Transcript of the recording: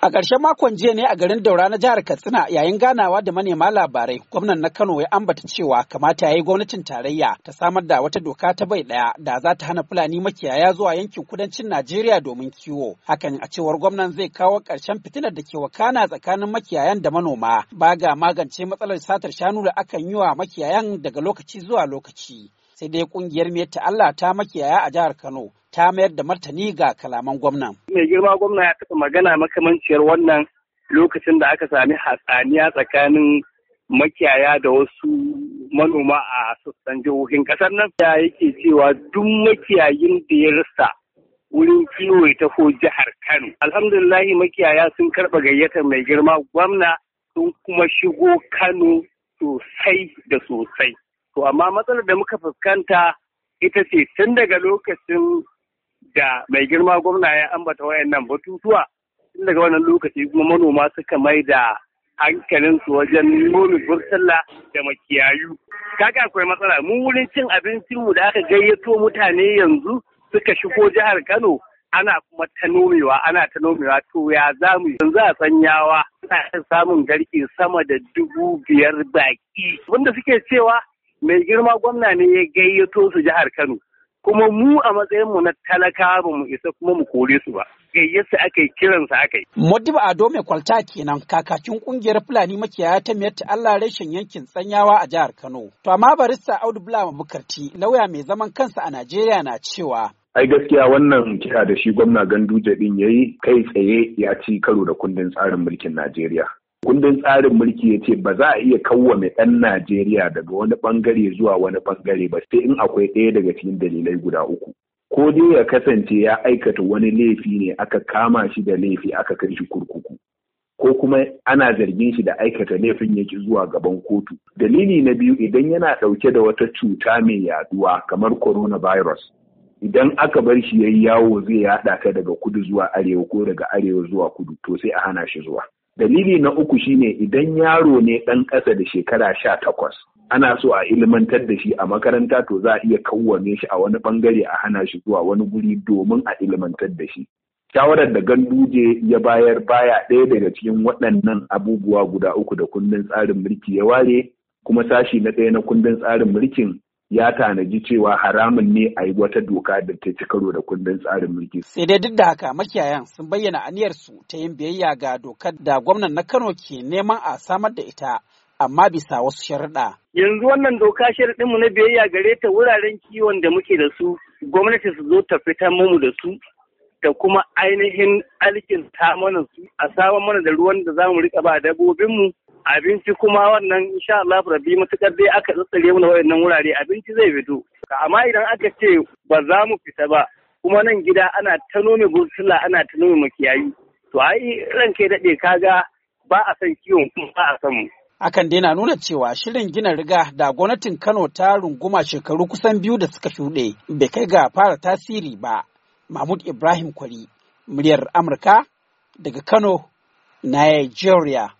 A ƙarshen makon jiya ne a garin Daura na jihar Katsina yayin ganawa da manema labarai gwamnan na Kano ya ambata cewa kamata ya yi gwamnatin tarayya ta samar da wata doka ta bai ɗaya da za ta hana Fulani makiyaya zuwa yankin kudancin Najeriya domin kiwo. Hakan a cewar gwamnan zai kawo ƙarshen fitinar da ke wakana tsakanin makiyayan da manoma ba ga magance matsalar satar shanu da akan yi wa makiyayan daga lokaci zuwa lokaci. sai dai kungiyar mai Allah ta makiyaya a jihar Kano ta mayar da martani ga kalaman gwamnan. Mai girma gwamna ya taɓa magana makamanciyar wannan lokacin da aka sami hatsaniya tsakanin makiyaya da wasu manoma a sassan jihohin ƙasar nan. Ya yake cewa duk makiyayin da ya rasa wurin kiwo ya taho jihar Kano. Alhamdulillahi makiyaya sun karɓa gayyatar mai girma gwamna sun kuma shigo Kano sosai da sosai. To amma matsalar da muka fuskanta ita ce tun daga lokacin da mai girma gwamna ya ambata wayannan batutuwa tun daga wannan lokaci kuma manoma suka mai da su wajen nomi bursalla da makiyayu. Kaga akwai matsala mu wurin cin abincinmu da aka gayyato mutane yanzu suka shigo jihar Kano ana kuma ta nomewa ana ta nomewa to ya za mu yanzu a sanyawa ana samun garke sama da dubu biyar baki. Wanda suke cewa mai girma gwamna ne ya gayyato su jihar Kano kuma mu a matsayin mu na talaka ba mu isa kuma mu kore su ba gayyarsa aka yi su aka yi. Modibo Ado mai kwalta kenan kakakin kungiyar Fulani makiyaya ta miyar Allah rashin yankin tsanyawa a jihar Kano. To amma barista Audu Bulama Bukarti lauya mai zaman kansa a Najeriya na cewa ai gaskiya wannan kira da shi gwamna Gandu ganduje din yayi kai tsaye ya ci karo da kundin tsarin mulkin Najeriya kundin tsarin mulki ya ce ba za a iya kawwame ɗan Najeriya daga wani ɓangare zuwa wani ɓangare ba sai in akwai ɗaya daga cikin dalilai guda uku. Ko dai ya kasance ya aikata wani laifi ne aka kama shi da laifi aka kai shi kurkuku. Ko kuma ana zargin shi da aikata laifin yaki zuwa gaban kotu. Dalili na biyu idan yana ɗauke da wata cuta mai yaduwa kamar coronavirus. Idan aka bar shi ya yi yawo zai yaɗa ka daga kudu zuwa arewa ko daga arewa zuwa kudu to sai a hana shi zuwa. dalili na uku shine idan yaro ne ɗan ƙasa da shekara sha takwas ana so a ilimantar da shi a makaranta to za a iya kawwame shi a wani bangare a hana shi zuwa wani guri domin a ilimantar da shi shawarar da ganduje ya bayar baya ɗaya daga cikin waɗannan abubuwa guda uku da kundin tsarin mulki ya ware kuma sashi na ɗaya na kundin tsarin mulkin ya tanaji cewa haramun ne a yi wata doka da ta ci karo da kundin tsarin mulki. Sai dai duk da haka makiyayan sun bayyana aniyarsu ta yin biyayya ga dokar da gwamnan na Kano ke neman a samar da ita amma bisa wasu sharuɗa. Yanzu wannan doka sharuɗinmu na biyayya gare ta wuraren kiwon da muke da su gwamnati su zo ta fitar mu da su da kuma ainihin ta mana su a samar mana da ruwan da zamu mu riƙa ba dabobinmu abinci kuma wannan insha Allah rabbi matukar dai aka tsatsare mu na wayannan wurare abinci zai fito amma idan aka ce ba za mu fita ba kuma nan gida ana ta nome gursula ana ta nome makiyayi to ai ranke daɗe kaga ba a san kiwon kuma ba a san mu Hakan dai na nuna cewa shirin gina riga da gwamnatin Kano ta runguma shekaru kusan biyu da suka shuɗe bai kai ga fara tasiri ba. Mahmud Ibrahim Kwari, muryar Amurka daga Kano, Nigeria.